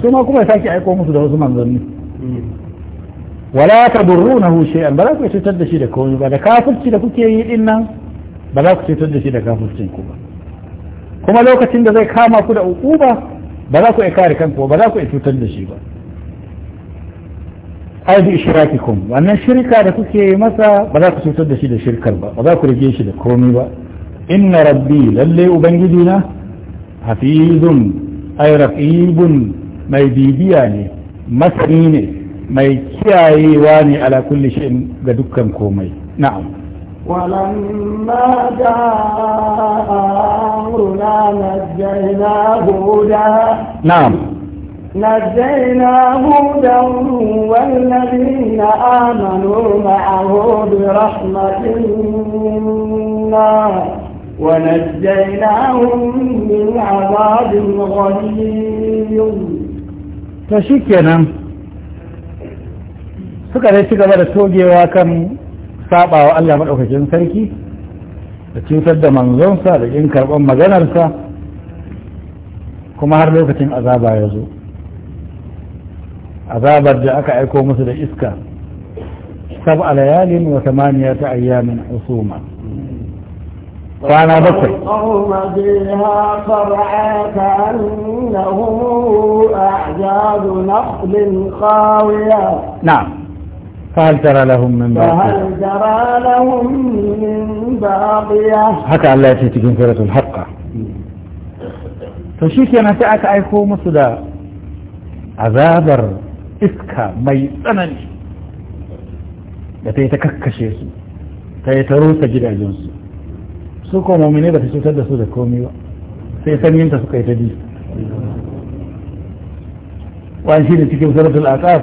su ma kuma ya sake aiko musu da wasu manzanni wala tadurrunahu shay'an ba za ku cutar da shi da komai ba da kafirci da kuke yi din nan ba za ku cutar da shi da kafircin ku ba kuma lokacin da zai kama ku da ukuba ba za ku iya kare kanku ba za ku iya cutar da shi ba ai bi ishrakikum wannan shirka da kuke masa ba za ku cutar da shi da shirkar ba ba za ku rige shi da komai ba inna rabbi lalle ubangiji na hafizun ai raqibun mai bibiya ne masani ne mai kiyayewa ne ala kulli shay'in ga dukkan komai na'am
ولما جاء أمرنا نجينا هودا نعم نجينا دور والذين آمنوا معه برحمة منا ونجيناهم من عذاب غليظ
فشكرا suka dai ci gaba da togewa kan sabawa Allah maɗaukakin sarki da cutar da manzonsa da ƙin karɓar maganarsa kuma har lokacin azaba ya zo azabar da aka aiko musu da iska sab'a layalin wa thamaniyata ayyamin husuma kwana bakwai na'am فهل ترى لهم من باقية فهل
ترى لهم من باقية حكى الله يأتي تكين سورة الحقة
فشيك ينسعك أيكو مصدى عذابر iska mai tsanani da ta yi ta kakkashe su ta yi ta rusa gidajensu su ko mummune ba ta cutar da su da komi ba sai ta suka yi ta ji wa shi da cikin suratul aqaf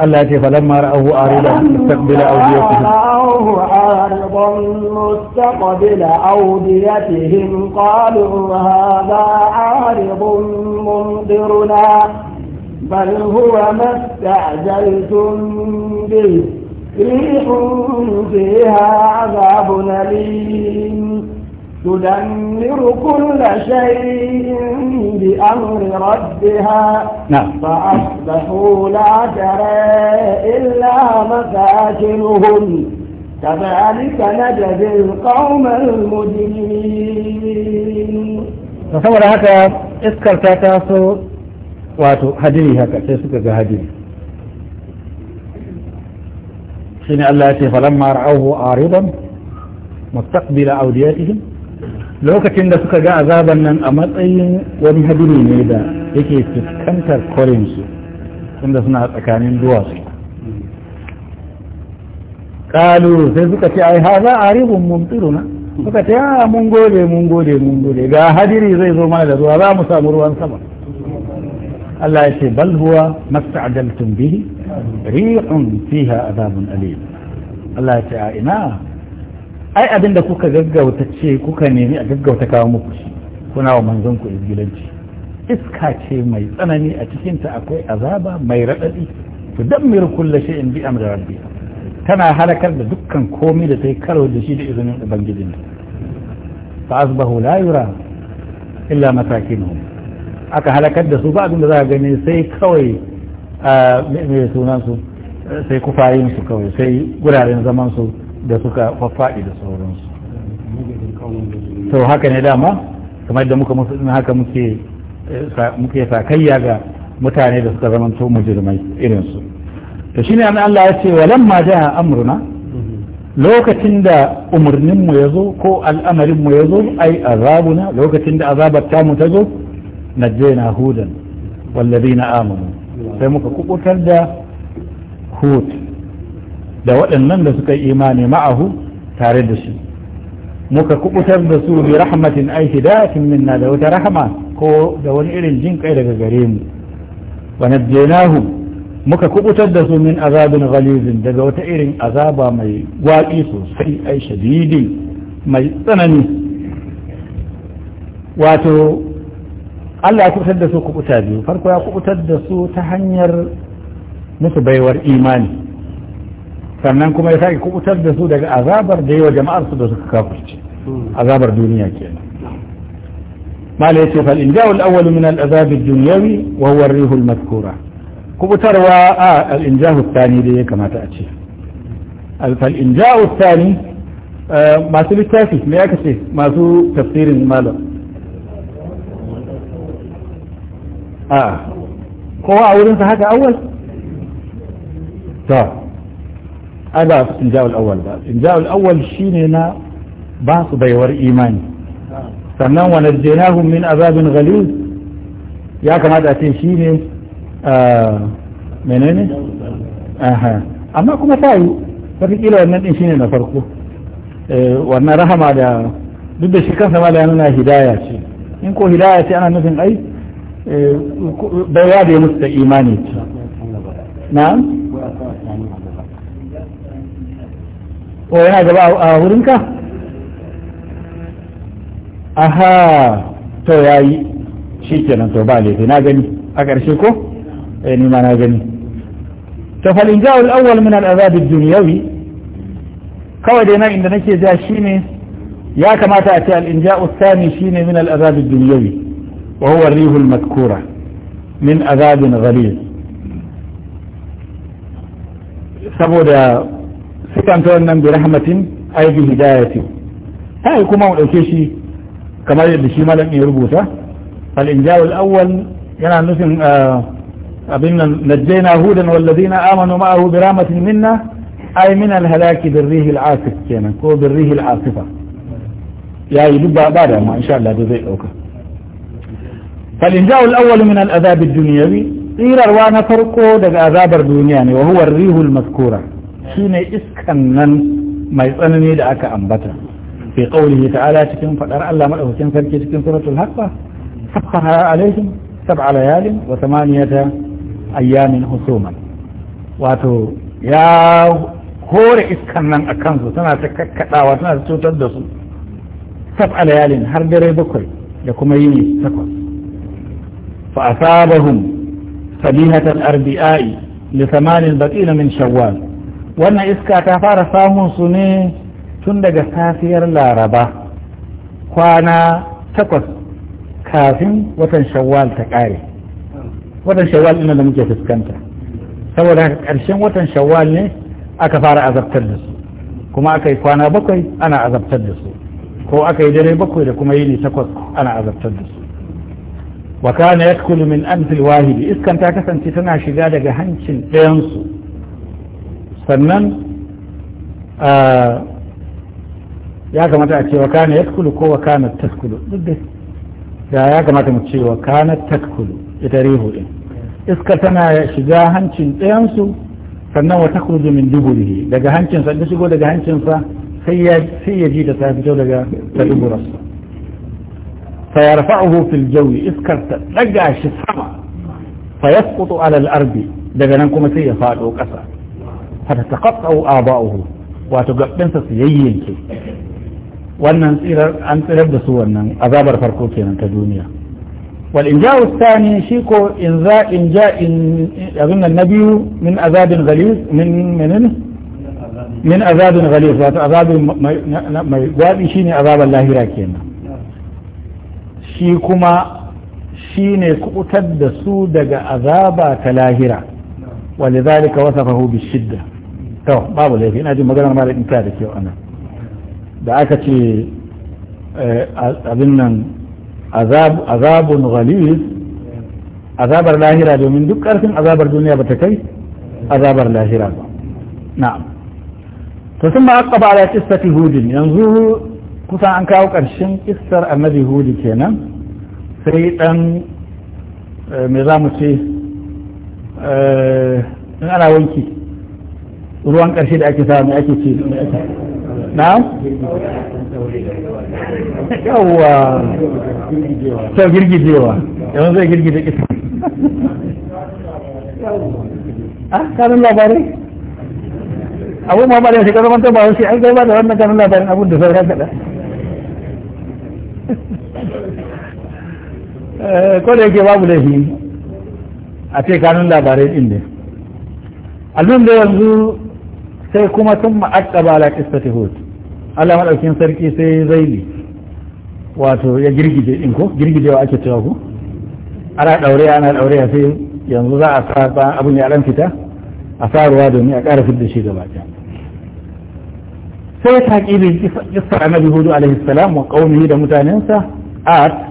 الله يأتي فلما رأوه عارضا مستقبل أوديتهم
رأوه عارضا مستقبل أوديتهم قالوا هذا عارض mundiruna بل هو ما استعجلتم به ريح فيها عذاب أليم تدمر كل شيء بأمر ربها نعم فأصبحوا لا ترى إلا مساكنهم كذلك نجزي القوم المجرمين
تصور هكذا اذكر تاتاسو wato hadiri haka sai suka ga hadiri shine Allah ya ce falamma a aridan mustaqbila awdiyatihim lokacin da suka ga azaban nan a matsayin wani hadiri ne da yake fuskantar kwarin su tunda suna tsakanin duwatsu kalu sai suka ce ai haza mun mumtiruna suka ce ah, mun gode mun gode mun gode ga hadiri zai zo mana da zuwa za mu samu ruwan sama Allah ya ce bal huwa masta'jaltum bihi ri'un fiha adabun alim Allah ya ce a ina ai abin da kuka gaggauta ce kuka nemi a gaggauta kawo muku shi kuna wa manzon ku izgilanci iska ce mai tsanani a cikinta akwai azaba mai raɗaɗi to dammir kulla shay'in bi amri rabbi tana halakar da dukkan komai da ta yi karo da shi da izinin ubangijinta fa asbahu la yura illa masakinuhum aka halakar da su ba abin za a gani sai kawai mai sunan su sai kufayin su kawai sai guraren zaman su da suka faffaɗi da sauransu to haka ne dama kamar da muka musu haka eh, muke sakayya ga mutane da suka zamanto mujirmai irinsu da shi ne an Allah ya ce walamma jaa amruna lokacin da umarninmu ya zo ko al'amarinmu ya zo ai azabuna lokacin da azabar tamu ta zo najjayna hudan wallazina amanu sai muka kukutar da hud da waɗannan da suka yi imani ma'ahu tare da shi muka kukutar da su bi rahmatin ai hidayatin minna da wata rahama ko da wani irin jin kai daga gare mu wa najjaynahu muka kuɓutar da su min azabin ghalizin daga wata irin azaba mai waƙi sosai ai shadidi mai tsanani wato Allah ya kubutar da su kubuta biyu farko ya kubutar da su ta hanyar musu baiwar imani sannan kuma ya sake kubutar da su daga azabar da yawa jama'ar su da suka kafirce azabar duniya kenan mala yace fal in ja'u al min al-azab ad-dunyawi wa huwa ar-rih al-madhkura kubutarwa a al-injahu ath-thani da ya kamata a ce al-fal in ja'u thani eh, masu littafi me aka ce masu tafsirin malam a ah. kowa a wurinsa haka awwal to ai ba istinja'ul awwal ba istinja'ul awwal shine na ba su baiwar imani sannan wa najjaynahum min azabin ghaliz ya kamata a ce shine ah, menene aha amma kuma ta yi wataƙila wannan din shine na farko eh, wannan rahama da duk da shi kansa ma da nuna hidaya ce in ko hidaya ce ana nufin ai Eh, baiwa da ya musu da imani na o yana gaba a wurinka aha to ya yi shi kenan to ba laifi na gani a ƙarshe ko eh ni ma na gani to fa in ja'u awwal min al-azab dunyawi kawai dai nan inda nake ja shine ya kamata a ce al-inja'u ath-thani shine min al-azab dunyawi وهو الريح المذكورة من عذاب غليظ saboda sukanta wannan bi rahmatin ai bi hidayati sai kuma mu dauke shi kamar yadda shi malam ya rubuta al injal al awwal yana nufin abin nan najjayna hudan wal ladina amanu ma'ahu bi rahmatin minna ai min al halaki bir rih al asif kenan ko bir rih al asifa yayi duk ba da mu insha Allah da zai dauka فالإنجاء الأول من الأذاب الدنيوي إيرار وانا فرقو دقى أذاب الدنياني وهو الريه المذكورة حين إسكنا ما يسألني لأك أنبتا في قوله تعالى تكن فقر الله ملأه تنفر تكن سورة الحقة سبحها عليهم سبع ليال وثمانية أيام حسوما واتو يا هور إسكنا أكنسو سنة تككتا وسنة توتدسو سبع ليال هر دري بكري لكم يني تكوز فأصابهم صبيحة الأربعاء لثمان بقين من شوال wannan iska ta fara samun su ne tun daga safiyar laraba kwana takwas kafin watan shawwal ta ƙare watan shawwal ina da muke fuskanta saboda haka ƙarshen watan shawwal ne aka fara azabtar da su kuma aka yi kwana bakwai ana azabtar da su ko aka yi dare bakwai da kuma yini takwas ana azabtar da su wa kana yadkhulu min anfil wahidi iskan ta kasance tana shiga daga hancin ɗayansu sannan ya kamata a ce wa kana yadkhulu ko wa kana taskulu duk da da ya kamata mu ce wa kana taskulu ita rihu din iska tana shiga hancin ɗayansu sannan wa takhruju min duburihi daga hancinsa da shigo daga hancinsa sai ya ji da ta fito daga ta duburarsa فيرفعه في الجو اسكرت رجع السماء فيسقط على الارض دغنكم سي فادو قسا فتتقطع اعضاؤه وتقبن سيين كي وانن سير ان تلب ان عذاب الفرقو كان في والانجاء الثاني شيكو انذاء انجاء اظن النبي من عذاب غليظ من من من من عذاب غليظ عذاب ما ما عذاب الله راكينه shi kuma shi ne kubutar da su daga azaba ta lahira wale zalika wasa fahu bi shidda to babu laifi ina jin maganar malamin ta da kyau ana da aka ce eh, abin nan azabun ghalis azabar lahira domin duk karfin azabar duniya ba ta kai azabar lahira ba na'am to sun ba aqaba ala qissati hudin yanzu kusan an kawo ƙarshen kissar annabi hudu kenan sai ɗan eh, me za mu ce eh, in ana wanki ruwan ƙarshe da ake samu ake ce na
yawwa ta girgijewa yawan
zai girgije kisa a ah, kanun labarai abun ma ba da shi ka zama ta ba wasu an gaba da wannan kanun labarin abun da sauran kaɗa Eh, ko da yake babu laifi a ce kanun labarai din ne albin da yanzu sai kuma sun ba ala ta hud Allah maɗaukin sarki sai zaili wato ya girgije in ko girgijewa ake cewa ku ana ɗaure ana ɗaure sai yanzu za a sa abin ya ɗan fita a sa ruwa domin a ƙara fidda shi gaba ɗaya sai ta ƙi bin kisa annabi hudu alaihi salam wa ƙaunihi da mutanensa at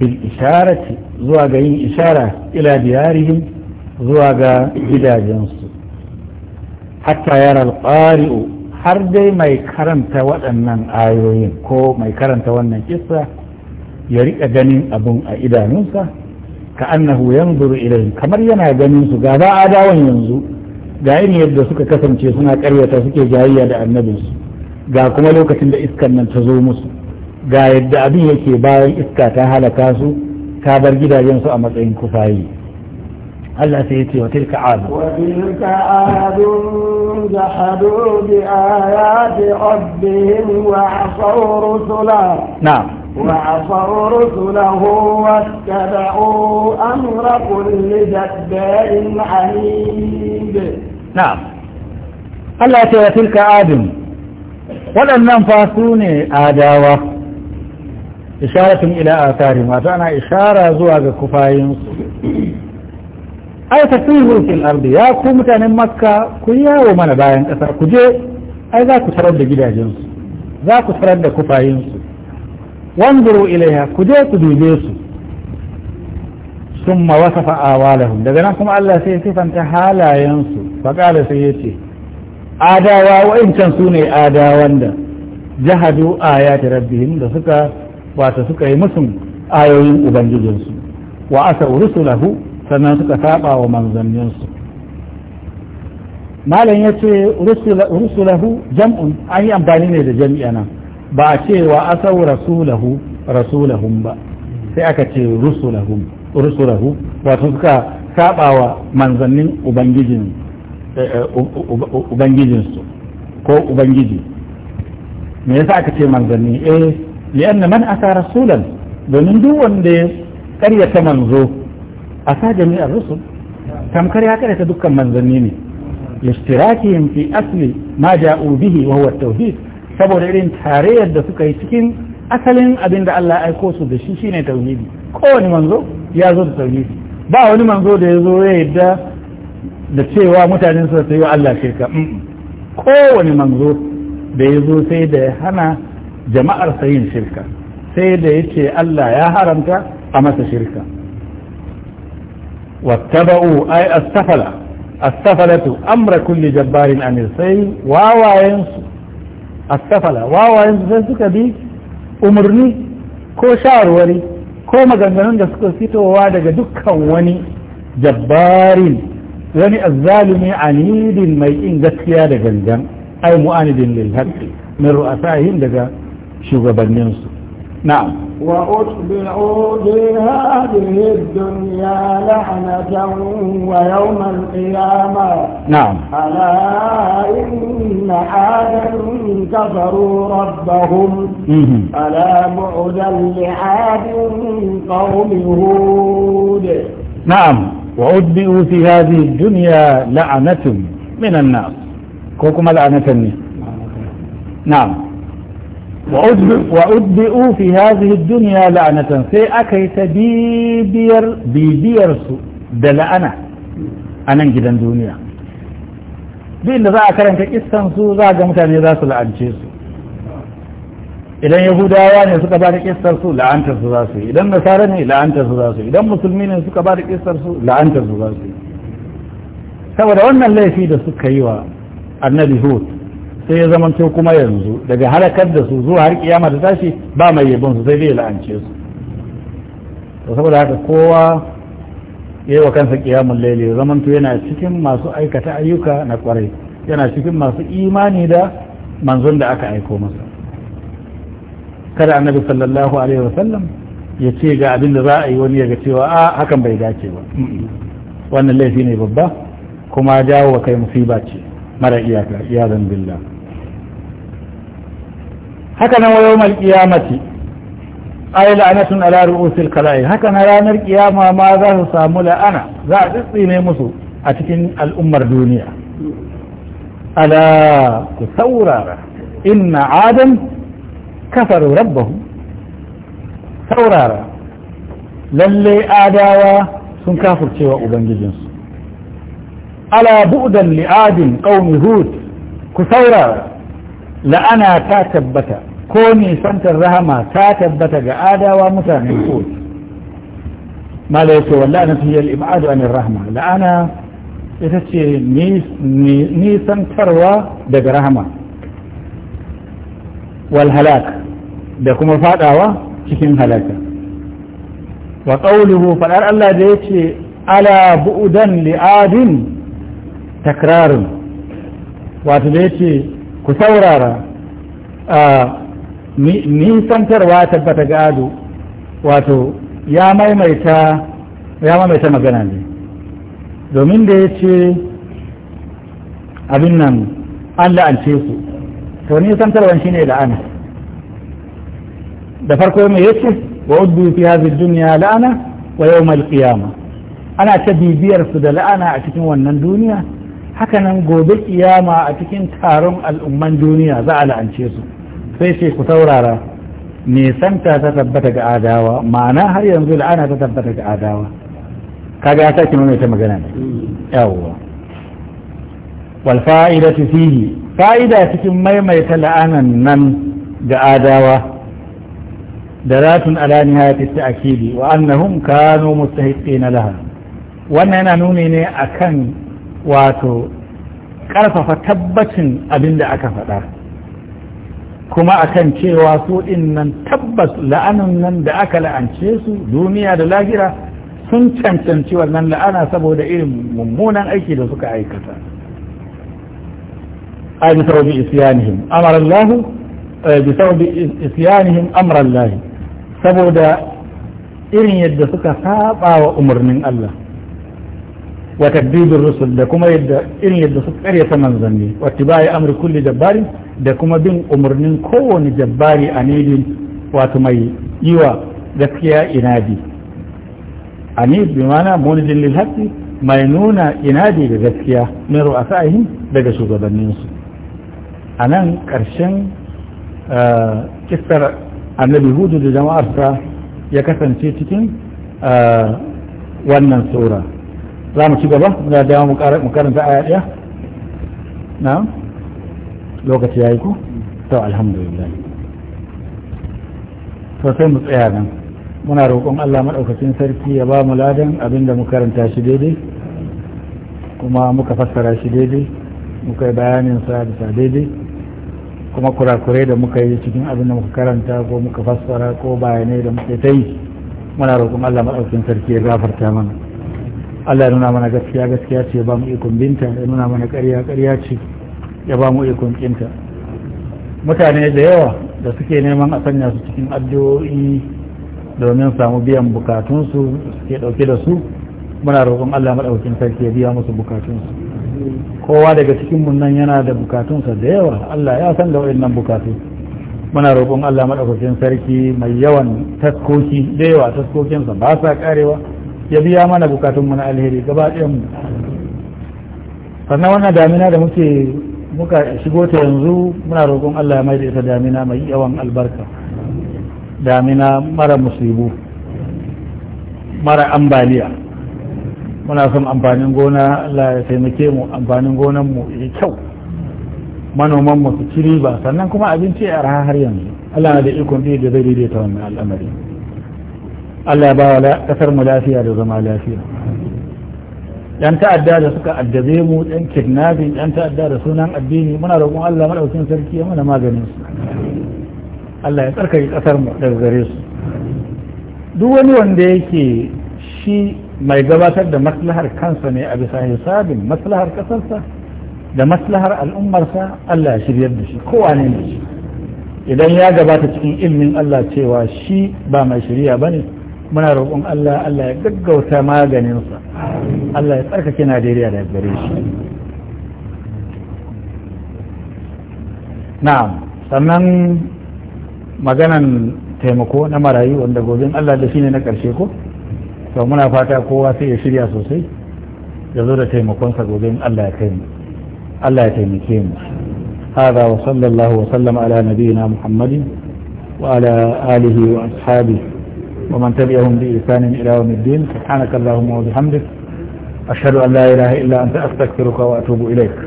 bil isharati zuwa ga yin ishara ila diyarihim zuwa ga gidajensu hatta yara alqari'u har dai mai karanta waɗannan ayoyin ko mai karanta wannan kisa ya riƙa ganin abun a idanunsa ka annahu yanzuru ilayhim kamar yana ganin su ga ba adawan yanzu ga yin yadda suka kasance suna karyata suke jayayya da annabinsu ga kuma lokacin da iskan nan ta zo musu ga yadda abin yake bayan iska ta halaka su ka bar gidajen su a matsayin kufayi Allah sai ya ce wa tilka adu wa
tilka adu jahadu bi ayati rabbihim wa asaw rusula na'am وعصوا رسله واتبعوا أمر كل جبار عنيد
نعم الله تلك آدم waɗannan fa su ne adawa isharatun ila asari masu ana ishara zuwa ga kufayinsu ai tasiru fil ardi ya ku mutanen makka ku yawo mana bayan ƙasa ku je ai za ku tarar da gidajensu za ku tarar da kufayinsu wanzuru ilaiha ku je ku dube su summa wasafa awalahum daga nan kuma Allah sai sifanta halayensu fa qala sai yace adawa wa'incan sune ne adawan da jahadu ayati rabbihim da suka wato suka yi musun ayoyin ubangijinsu wa asa rusulahu sannan suka saba wa manzanninsu malam ya ce rusulahu jam'un an yi amfani ne da jam'i nan ba a ce wa asau rasulahu rasulahum ba sai aka ce rusulahum rusulahu wato suka saba wa manzannin ubangijin eh, eh, ubangijinsu ko ubangiji me yasa aka ce manzanni eh li'anna man aka rasulan domin duk wanda ya karyata manzo a sa jami'ar rusul tamkar ya karyata dukkan manzanni ne lishtirakihim fi asli ma ja'u bihi wa huwa saboda irin tarayyar da suka yi cikin asalin abinda da Allah aiko su da shi shine tauhidi kowane manzo ya zo da tauhidi ba wani manzo da ya zo ya yadda da cewa mutanen su sai Allah shirka kowane manzo da ya zo sai da ya hana jama'ar sa yin shirka sai da yace Allah ya haramta a masa shirka wattaba'u ay astafala astafalatu amra kulli jabbarin anil sai wawayen astafala wawayen sai suka bi umarni ko shawarwari ko maganganun da suka fitowa daga dukkan wani jabbarin wani azzalumi anidin mai in gaskiya da gangan ai mu'anidin lil haqqi min ru'asahim daga شغب النصر
نعم وأتبعوا في هذه الدنيا لعنة ويوم القيامة نعم ألا إن عادا كفروا ربهم ألا بعدا لعاد قوم هود
نعم وأتبعوا في هذه الدنيا لعنة من الناس كوكما لعنة نعم, نعم. wa'udbi'u fi hadhihi duniya la'anatan sai aka yi ta bibiyar su da la'ana a nan gidan duniya duk da za a karanta kissan su za ga mutane za su la'ance su idan yahudawa ne suka ba da kissar su la'antar su za su yi idan nasara ne la'antar su za su yi idan musulmi ne suka ba da kissar su la'antar su za su yi saboda wannan laifi da suka yi wa annabi hud sai ya zamanto kuma yanzu daga halakar da su zuwa har kiyama da tashi ba mai yabon su sai dai la'ance su to saboda haka kowa yayi wa kansa kiyamun laili ya zamanto yana cikin masu aikata ayyuka na kwarai yana cikin masu imani da manzon da aka aiko masa kada annabi sallallahu alaihi wasallam ya ce ga abin da za a yi wani ya ga cewa a hakan bai dace ba wannan laifi ne babba kuma jawo wa kai musiba ce mara iyaka iyadan billah haka nan wayo mal kiyamati ai la'anatun ala ru'usil kala'i haka ranar kiyama ma za su samu la'ana za a tsitsine musu a cikin al'ummar duniya ala ku saurara inna adam kafaru rabbahu saurara lalle adawa sun kafurcewa ubangijinsu ala bu'dan li'adin qaumi hud ku saurara la'ana ta tabbata ko nisantar rahama ta tabbata ga adawa mutane ko mala ya ce na fiye al'ibadu min rahama la'ana ita ce nisantarwa daga rahama wal halak da kuma fadawa cikin halaka wa qawluhu fadar Allah da ce ala bu'dan li'adin takrarun Wace da ce ku saurara nisantarwa tabbata ga ado wato ya maimaita ya maimaita magana ne domin da ya ce abin nan an la'ance su to nisantarwan shi ne la'ana da farko mai ya ce wa uddu fi duniya la'ana wa yau mal ana ta bibiyar su da la'ana a cikin wannan duniya hakanan gobe kiyama a cikin taron al'umman duniya za a la'ance su sai ce ku saurara nisanta ta tabbata ga adawa ma'ana har yanzu la'ana ta tabbata ga adawa kaga ya sake nuna ita magana ne yawwa wal fa'idatu fihi fa'ida cikin maimaita la'anan nan ga adawa da daratun ala nihayati ta'kidi wa annahum kanu mustahiqina laha wannan yana nuni ne akan wato karfafa tabbacin abin da aka faɗa kuma akan cewa su nan tabbas la'anin nan da aka la'ance su duniya da lahira sun cancanci wannan la'ana saboda irin mummunan aiki da suka aikata ai bi isyanihim amara eh, bi saboda irin yadda suka saba wa umarnin Allah wa takdibir rusul da kuma yadda irin yadda su karyata manzanni wa tibai amri kulli jabbarin da kuma bin umarnin kowane jabbari a nidin wato mai yiwa gaskiya inadi anid bi mana munidin lil haqqi mai nuna inadi da gaskiya min ru'asa'ihim daga shugabanninsu a nan ƙarshen eh, kistar annabi hudu da jama'arsa ya kasance cikin eh, wannan tsora za mu ci gaba muna da mu karanta aya ɗaya na lokaci ya yi ku to alhamdulillah to sai mu tsaya nan muna roƙon Allah maɗaukacin sarki ya ba mu ladan abinda mu karanta shi daidai kuma muka fassara shi daidai muka yi bayanin sa bisa daidai kuma kurakurai da muka yi cikin abin da muka karanta ko muka fassara ko bayanai da muka ta yi muna roƙon Allah maɗaukin sarki ya gafarta mana Allah ya nuna mana gaskiya gaskiya ce ya ba mu ikon binta ya nuna mana ƙarya ƙarya ce ya ba mu ikon kinta mutane da yawa da suke neman a sanya su cikin addu'o'i domin samu biyan bukatunsu suke ɗauke da su muna roƙon Allah maɗaukin sarki ya biya musu bukatunsu kowa daga cikin mun nan yana da bukatunsa da yawa Allah ya san da waɗannan bukatu muna roƙon Allah maɗaukin sarki mai yawan taskoki da yawa taskokinsa ba sa ƙarewa ya biya mana bukatun mana na alheri gaba ɗayan mu sannan wannan damina da muke muka shigo ta yanzu muna roƙon Allah ya mai ita damina mai yawan albarka damina mara musibu mara ambaliya muna son amfanin gona Allah ya taimake mu amfanin gonan mu ya kyau manoman mu su ci riba sannan kuma abinci a har yanzu Allah na da ikon da zai daidaita wannan al'amari Allah ya ba wa kasar mu lafiya da zama lafiya yan ta'adda da suka addabe mu yan kidnabi yan ta'adda da sunan addini muna roƙon Allah madaukakin sarki ya mana maganin Allah ya tsarkake kasar mu daga gare su duk wani wanda yake shi mai gabatar da maslahar kansa ne a bisa hisabin maslahar kasarsa da maslahar al'ummarsa Allah ya shiryar da shi kowa ne ne idan ya gabata cikin ilmin Allah cewa shi ba mai shirya bane muna roƙon Allah Allah ya gaggauta maganinsa Allah ya tsarkake Najeriya da gare shi na'am sannan maganan taimako na marayu wanda gobin Allah da shine na ƙarshe ko to muna fata kowa sai ya shirya sosai ya zo da taimakonsa gobin Allah ya kai Allah ya taimake mu هذا وصلى الله وسلم على نبينا محمد وعلى آله وأصحابه ومن تبعهم بإحسان إلى يوم الدين سبحانك اللهم وبحمدك أشهد أن لا إله إلا أنت أستغفرك
وأتوب إليك